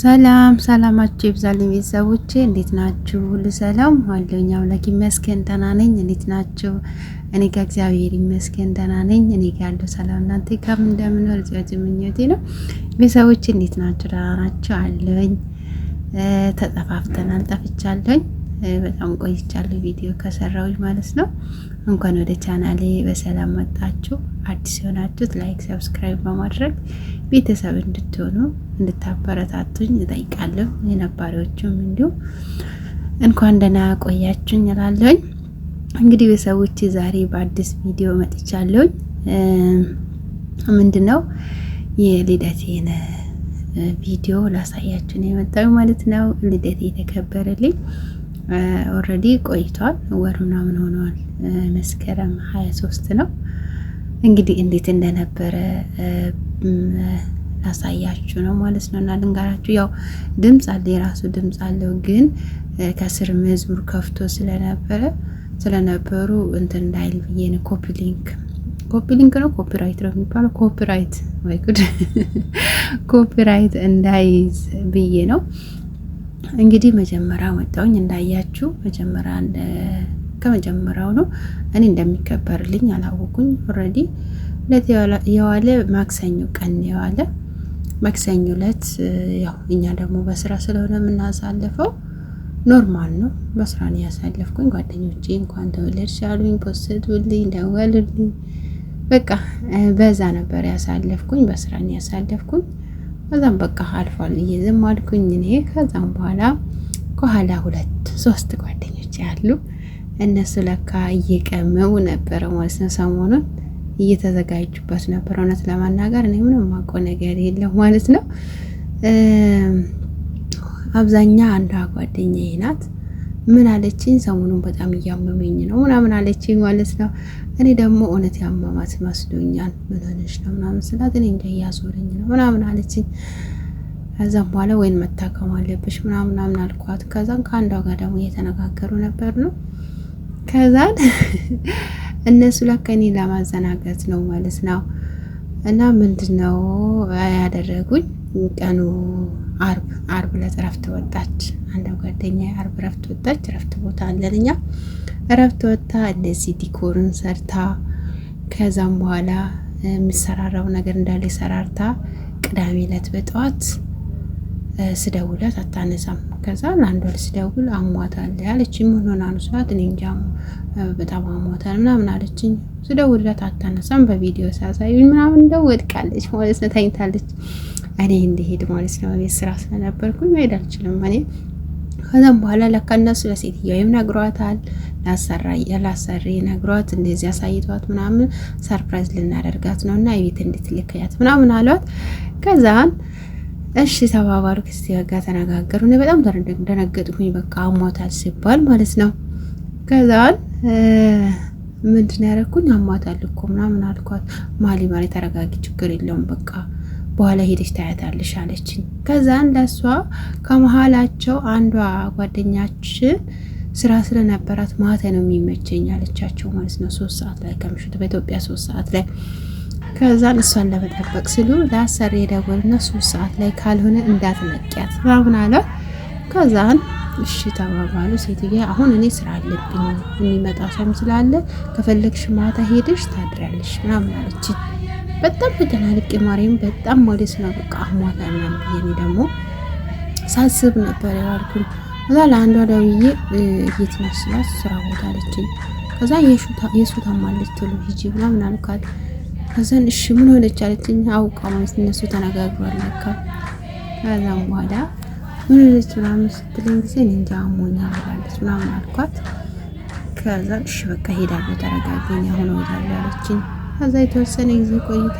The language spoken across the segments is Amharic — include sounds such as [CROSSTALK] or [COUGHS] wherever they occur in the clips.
ሰላም ሰላማችሁ ይብዛልኝ ቤተሰቦቼ፣ እንዴት ናችሁ? ሁሉ ሰላም ዋለኝ። አምላክ ይመስገን ደህና ነኝ። እንዴት ናችሁ? እኔ ጋር እግዚአብሔር ይመስገን ደህና ነኝ። እኔ ጋር ያለው ሰላም እናንተ ጋርም እንደምኖር ዚያጅ ምኞቴ ነው። ቤተሰቦቼ እንዴት ናችሁ? ደህና ናችሁ? አለኝ። ተጠፋፍተናል፣ ጠፍቻለሁኝ። በጣም ቆይቻለሁ ቪዲዮ ከሰራዎች ማለት ነው። እንኳን ወደ ቻናሌ በሰላም መጣችሁ። አዲስ የሆናችሁት ላይክ፣ ሰብስክራይብ በማድረግ ቤተሰብ እንድትሆኑ እንድታበረታቱኝ እጠይቃለሁ። የነባሪዎቹም እንዲሁ እንኳን ደህና ቆያችሁኝ እላለሁኝ። እንግዲህ በሰዎች ዛሬ በአዲስ ቪዲዮ መጥቻለሁኝ። ምንድን ነው የልደቴን ቪዲዮ ላሳያችሁ ነው ማለት ነው። ልደቴ የተከበረልኝ ኦልሬዲ ቆይቷል። ወር ምናምን ሆኗል። መስከረም ሀያ ሶስት ነው እንግዲህ እንዴት እንደነበረ ላሳያችሁ ነው ማለት ነው እና ልንጋራችሁ። ያው ድምፅ አለ፣ የራሱ ድምፅ አለው። ግን ከስር መዝሙር ከፍቶ ስለነበረ ስለነበሩ እንትን እንዳይል ብዬ ነው። ኮፒ ሊንክ ኮፒ ሊንክ ነው ኮፒራይት ነው የሚባለው። ኮፒራይት ወይ ጉድ! [LAUGHS] ኮፒራይት እንዳይዝ ብዬ ነው እንግዲህ መጀመሪያ ወጣውኝ እንዳያችሁ መጀመሪያ ከመጀመሪያው ነው እኔ እንደሚከበርልኝ አላወቁኝ። ኦልሬዲ ለት የዋለ ማክሰኞ ቀን የዋለ ማክሰኞ ለት ያው እኛ ደግሞ በስራ ስለሆነ የምናሳልፈው ኖርማል ነው። በስራን ነው ያሳለፍኩኝ። ጓደኞቼ እንኳን ተወለድሽ አሉኝ፣ ፖስቱልኝ፣ ደወሉልኝ። በቃ በዛ ነበር ያሳለፍኩኝ። በስራን ነው ያሳለፍኩኝ። ከዛም በቃ አልፏል ዝም አልኩኝ እኔ። ከዛም በኋላ ከኋላ ሁለት ሶስት ጓደኞች ያሉ እነሱ ለካ እየቀመሙ ነበረ ማለት ነው። ሰሞኑን እየተዘጋጁበት ነበር። እውነት ለመናገር እኔ ምንም ማቆ ነገር የለም ማለት ነው። አብዛኛ አንዷ ጓደኛዬ ናት። ምን አለችኝ፣ ሰሞኑን በጣም እያመመኝ ነው ምናምን አለችኝ ማለት ነው። እኔ ደግሞ እውነት ያማማት መስሎኛል። ምን ሆነሽ ነው ምናምን ስላት እኔ እንጃ እያዞረኝ ነው ምናምን አለችኝ። ከዛም በኋላ ወይን መታከም አለብሽ ምናምን ምናምን አልኳት። ከዛን ከአንዷ ጋር ደግሞ እየተነጋገሩ ነበር ነው ከዛን [LAUGHS] እነሱ ለከኔ ለማዘናገት ነው ማለት ነው እና ምንድን ነው ያደረጉኝ ቀኑ አርብ አርብ ዕለት እረፍት ወጣች። አንድ ጓደኛ አርብ እረፍት ወጣች። እረፍት ቦታ አለን እኛ እረፍት ወጣ እንደዚህ ዲኮርን ሰርታ ከዛም በኋላ የሚሰራራው ነገር እንዳለ ሰራርታ ቅዳሜ ዕለት በጠዋት ስደውላት አታነሳም። ከዛ ለአንድ ወር ስደውል አሟታል ያለች ምን ሆና ነው ስላት እኔ እንጃ በጣም አሟታል ምናምን አለችኝ። ስደውላት አታነሳም። በቪዲዮ ሳሳዩኝ ምናምን እንደው ወድቃለች ማለት ነው። ተኝታለች። እኔ እንደሄድ ማለት ነው። እኔ ስራ ስለነበርኩኝ መሄድ አልችልም እኔ ከዛም በኋላ ለካ እነሱ ለሴትዮዋ ነግሯታል። ላሰሪ ነግሯት እንደዚህ አሳይቷት ምናምን ሰርፕራይዝ ልናደርጋት ነው እና የቤት እንድትልክያት ምናምን አሏት። ከዛን እሺ ተባባሉ። ከሴትዮዋ በጋ ተነጋገሩ። እኔ በጣም ደነገጥኩኝ። በቃ አሟታል ሲባል ማለት ነው። ከዛን ምንድን ያደረግኩኝ አሟታል እኮ ምናምን አልኳት። ማሊ ማሪ ተረጋጊ፣ ችግር የለውም በቃ በኋላ ሄደች ታያታለሽ አለችኝ። ከዛ እንደሷ ከመሀላቸው አንዷ ጓደኛችን ስራ ስለነበራት ማታ ነው የሚመቸኝ አለቻቸው ማለት ነው። ሶስት ሰዓት ላይ ከምሽቱ በኢትዮጵያ ሶስት ሰዓት ላይ ከዛን እሷን ለመጠበቅ ሲሉ ለአሰሪ ደወሉና ሶስት ሰዓት ላይ ካልሆነ እንዳትለቅያት ምናምን አለ። ከዛን እሺ ተባባሉ። ሴትዬ አሁን እኔ ስራ አለብኝ የሚመጣ ሰውም ስላለ ከፈለግሽ ማታ ሄደሽ ታድሪያለሽ ምናምን አለችኝ። በጣም ተደናንቄ ማርያም በጣም ማለት ነው በቃ አሟታ ምናምን ብዬ እኔ ደግሞ ሳስብ ነበር ያልኩኝ። እዛ ለአንዷ ደውዬ የት ነሽ ስላት ስራ ቦታ አለችኝ። ከዛ የሱ ታማለች ቶሎ ሂጂ ምናምን አልኳት። ከዛን እሺ ምን ሆነች አለችኝ። አውቃ ማለት እነሱ ተነጋግሯል ለካ። ከዛም በኋላ ምን ሆነች ምናምን ስትለኝ ጊዜ እንጃ አሞኛል ብላለች ምናምን አልኳት። ከዛ እሺ በቃ ሄዳለሁ ተረጋግኝ አሁን እወጣለሁ አለችኝ። ከዛ የተወሰነ ጊዜ ቆይታ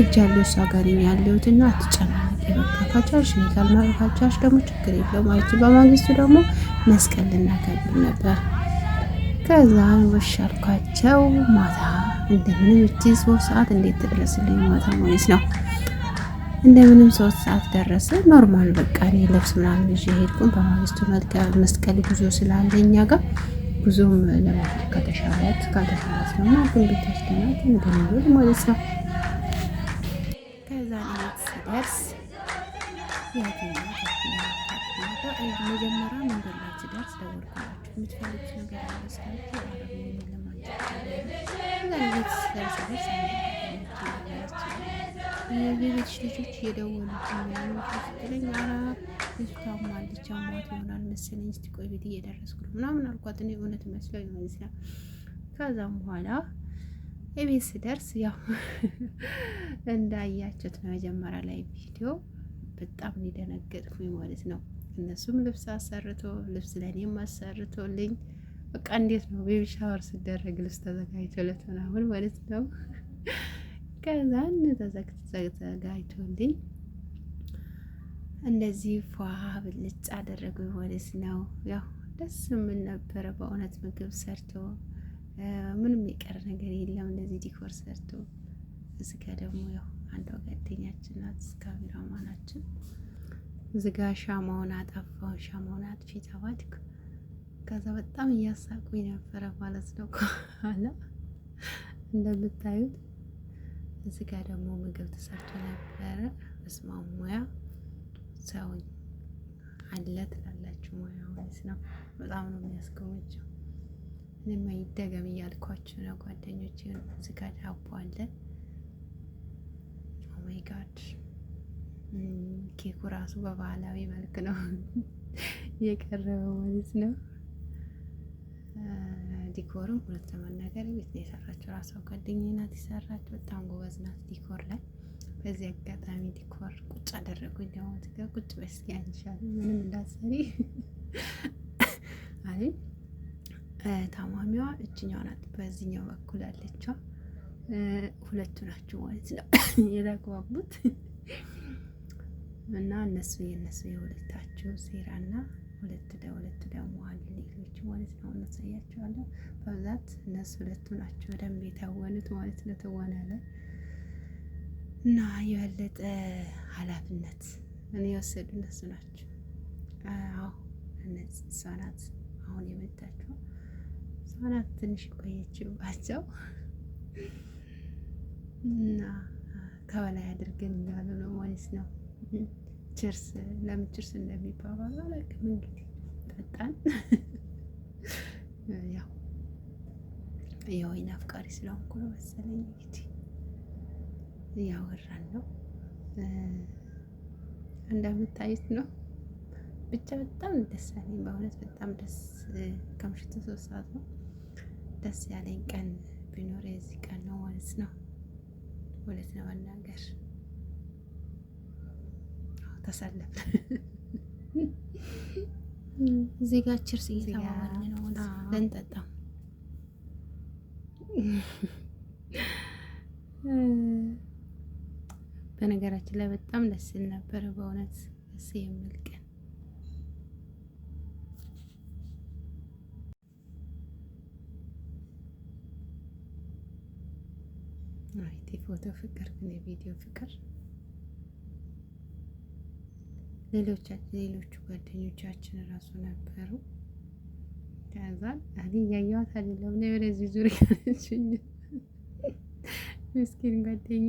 እጅ ያለው እሷ ጋር ያለሁት እና አትጨናነቂ፣ በቃ ካቻሽ ይዛል ማለት ካቻሽ ደግሞ ችግር የለው ማለት በማግስቱ ደግሞ መስቀል ልናከብር ነበር። ከዛ ወሻልኳቸው ማታ እንደምንም እቺ ሶስት ሰዓት እንዴት ትደረስልኝ ማታ ማለት ነው። እንደምንም ሶስት ሰዓት ደረሰ። ኖርማል በቃ እኔ ልብስ ምናምን ይዤ ሄድኩኝ። በማግስቱ መስቀል ጉዞ ስላለ እኛ ጋር ጉዞም ለማድረግ ከተሻላት ከተሻላት ነው ግን ቤተስደናት እንደሚል ማለት ነው። ከዛ ነት ስደርስ መጀመሪያ መንገድ ላይ ስደርስ ደወልኩላቸው የምትፈልጉት ነገር አለ ስላቸው ለማለት ስደርስ ደርስ ልጆች እየደወሉ ለኛ ልጅቷ ማልቻ ሟት ይሆናል መሰለኝ እስቲ ቆይ ቤት እየደረስኩ ነው ምናምን አልኳት። እኔ እውነት መስለው ይሆን ይችላል። ከዛም በኋላ የቤት ስደርስ ያው [LAUGHS] እንዳያችሁት ነው መጀመሪያ ላይ ቪዲዮ በጣም ሊደነገጥኩኝ ማለት ነው። እነሱም ልብስ አሰርቶ ልብስ ለእኔም አሰርቶልኝ በቃ እንዴት ነው ቤቢ ሻወር ስደረግ ልብስ ተዘጋጅቶለት ምናምን ማለት ነው። [LAUGHS] ከዛን ተዘጋጅቶልኝ እንደዚህ ፏ ብልጭ አደረጉ። ወደስ ነው ያው ደስ ምን ነበረ በእውነት ምግብ ሰርቶ ምንም የቀረ ነገር የለም። እንደዚህ ዲኮር ሰርቶ እዚጋ ደግሞ ያው አንዷ ጓደኛችን ናት ካሜራማናችን። እዚጋ ሻማውን አጠፋው፣ ሻማውን አጥፊ ተባልኩ። ከዛ በጣም እያሳቁኝ ነበረ ማለት ነው ከኋላ እንደምታዩት። እዚጋ ደግሞ ምግብ ተሰርቶ ነበረ። በስመ አብ ሙያ ሰው አለ ትላላችሁ። ሙያ ማለት ነው። በጣም ነው የሚያስጎመጀው። ምንም አይደገም እያልኳችሁ ነው ጓደኞች። እዚህ ጋር ዳቦ አለ። ኦማይ ጋድ ኬኩ ራሱ በባህላዊ መልክ ነው [LAUGHS] የቀረበ ማለት ነው። ዲኮርም ሁለት ለመናገር ቤት ነው የሰራችው። ራሷ ጓደኛዬ ናት የሰራችው። በጣም ጎበዝ ናት ዲኮር ላይ። በዚህ አጋጣሚ ዲኮር አደረጉኝ። ዳዊት ጋር ቁጭ በይ እስኪ አንሻል ምንም እንዳትሰሪ [LAUGHS] አለኝ። ታማሚዋ እችኛው ናት፣ በዚህኛው በኩል አለችዋ። ሁለቱ ናቸው ማለት ነው [COUGHS] የተግባቡት እና እነሱ የእነሱ የሁለታቸው እና ሁለት ለሁለቱ ደግሞ አሉ ልጆች ማለት ነው። እናሳያቸዋለሁ። በብዛት እነሱ ሁለቱ ናቸው ደንብ የታወኑት ማለት ነው። ተዋናለ እና የበለጠ ኃላፊነት እኔ የወሰዱ እነሱ ናቸው። አዎ እነዚህ እሷ አሁን የመጣችው እሷ ናት። ትንሽ ቆየችባቸው እና ከበላይ አድርገን እንዳሉ ነው ማለት ነው። ችርስ ለምን ችርስ እንደሚባባሉ አላውቅም። እንግዲህ ጠጣን። ያው የወይን አፍቃሪ ስለሆንኩ ነው መሰለኝ እንግዲህ እያወራን ነው። እንደምታዩት ነው። ብቻ በጣም ደስ ያለኝ በእውነት በጣም ደስ ከምሽቱ ሶስት ሰዓት ነው። ደስ ያለኝ ቀን ቢኖር የዚህ ቀን ነው ማለት ነው። እውነት ለመናገር ተሳለፍ [LAUGHS] እዚህ ጋር ችርስ እየተባባልን ነው። ልንጠጣም በነገራችን ላይ በጣም ደስ ይል ነበረ። በእውነት ደስ የሚል ቀን አይቲ ፎቶ ፍቅር ግን የቪዲዮ ፍቅር ሌሎቻችን ሌሎቹ ጓደኞቻችን እራሱ ነበሩ። ከዛ አሊ እያየዋት አይደለም ነው ወደዚህ ዙሪያ ምስኪን ጓደኛዬ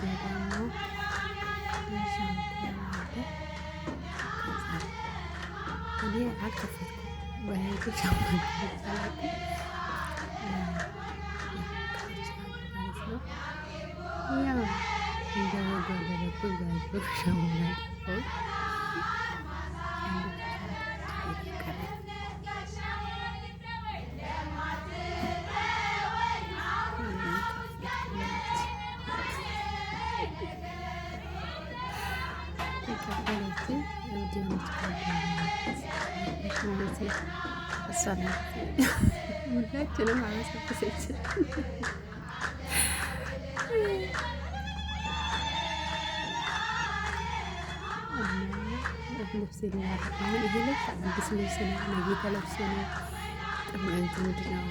그대로 다시 한번 우리 아까 왜 이렇게 잠깐 그냥 인정을 받으러 끌고 가고 그러고 የቀበለችኝ ሁላችንም አበሳበሰች። ልብስ አሁን ይሄ ልብስ አዲስ ልብስ ነው። ነገ ተለብሶ ነው ጥማንት ምድነው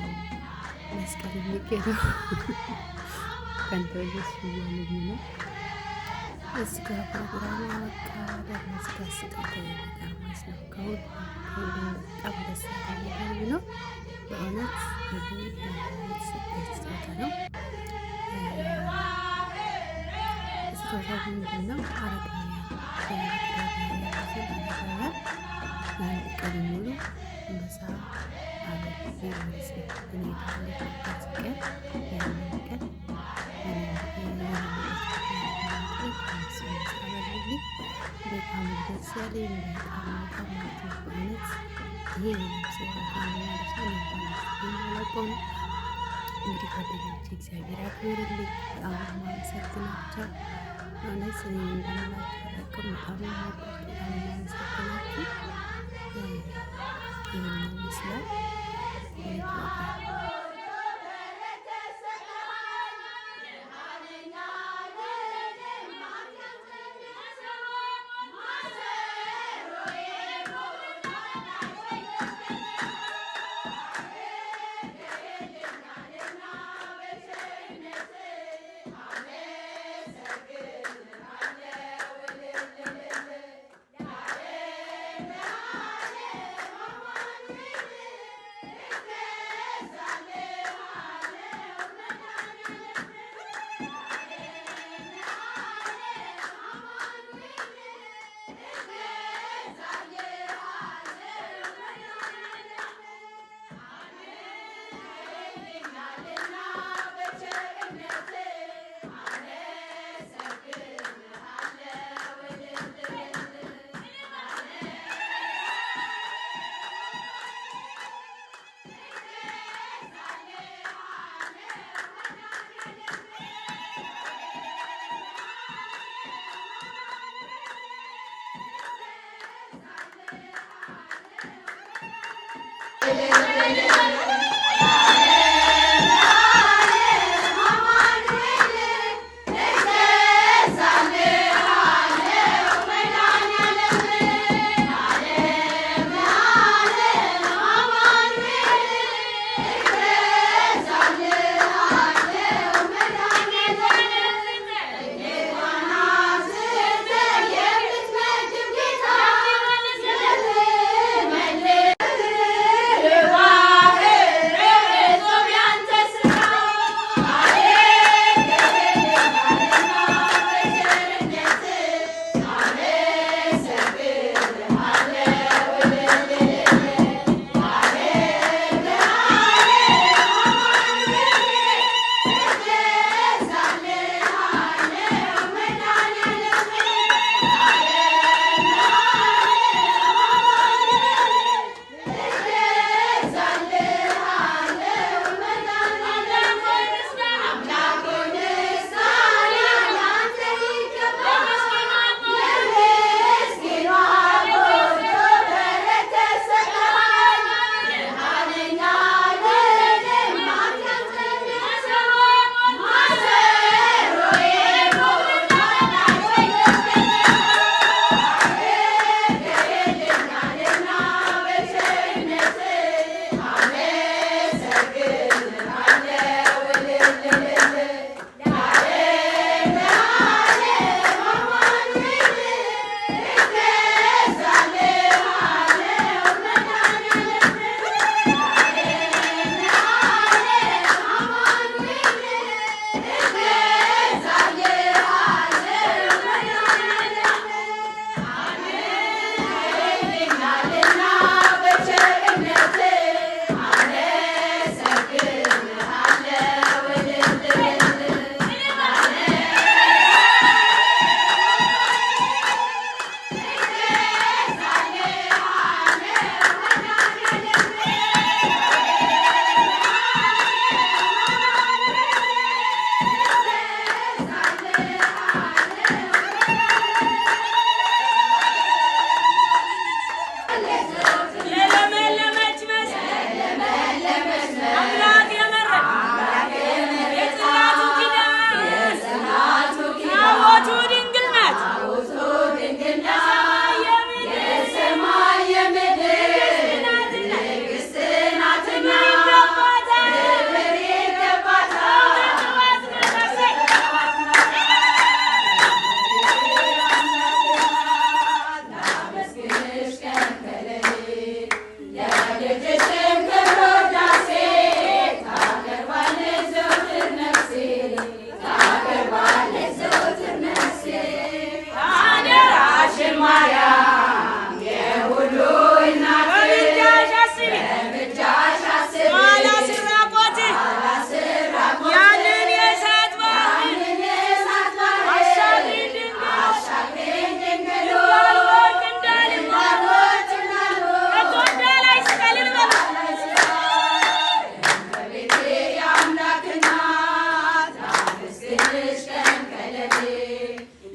መስቀል የሚገኘው ከንተ ልብስ ነው እዚህ ጋር ፕሮግራም ያወጣ ደግሞ እዚህ ጋር ስጠታ የሚቀር መስለው በጣም ደስ የሚል ነው በእውነት ይሄ የተሰጠች ስጦታ ነው። ስጦታ ምንድን ነው? ለአንድ ቀን ሙሉ ምሳ አበል ይመስላል ሁኔታ ያለበት ቀን ያንን ቀን በጣም ደስ ያለኝ በጣም በእውነት ይሄ የሚያለቀውን እንግዲህ ጓደኞች እግዚአብሔር ያክብርልኝ። በጣም ማመሰግናቸው እውነት እኔ እንደምላቸው በጣም በጣም በጣም ማመሰግናቸው ይህን ይመስላል። Amém.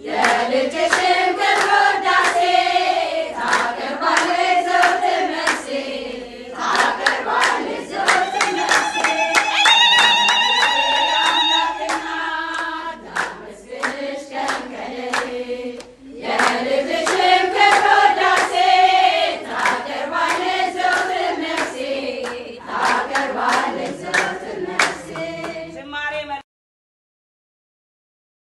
يا للجسد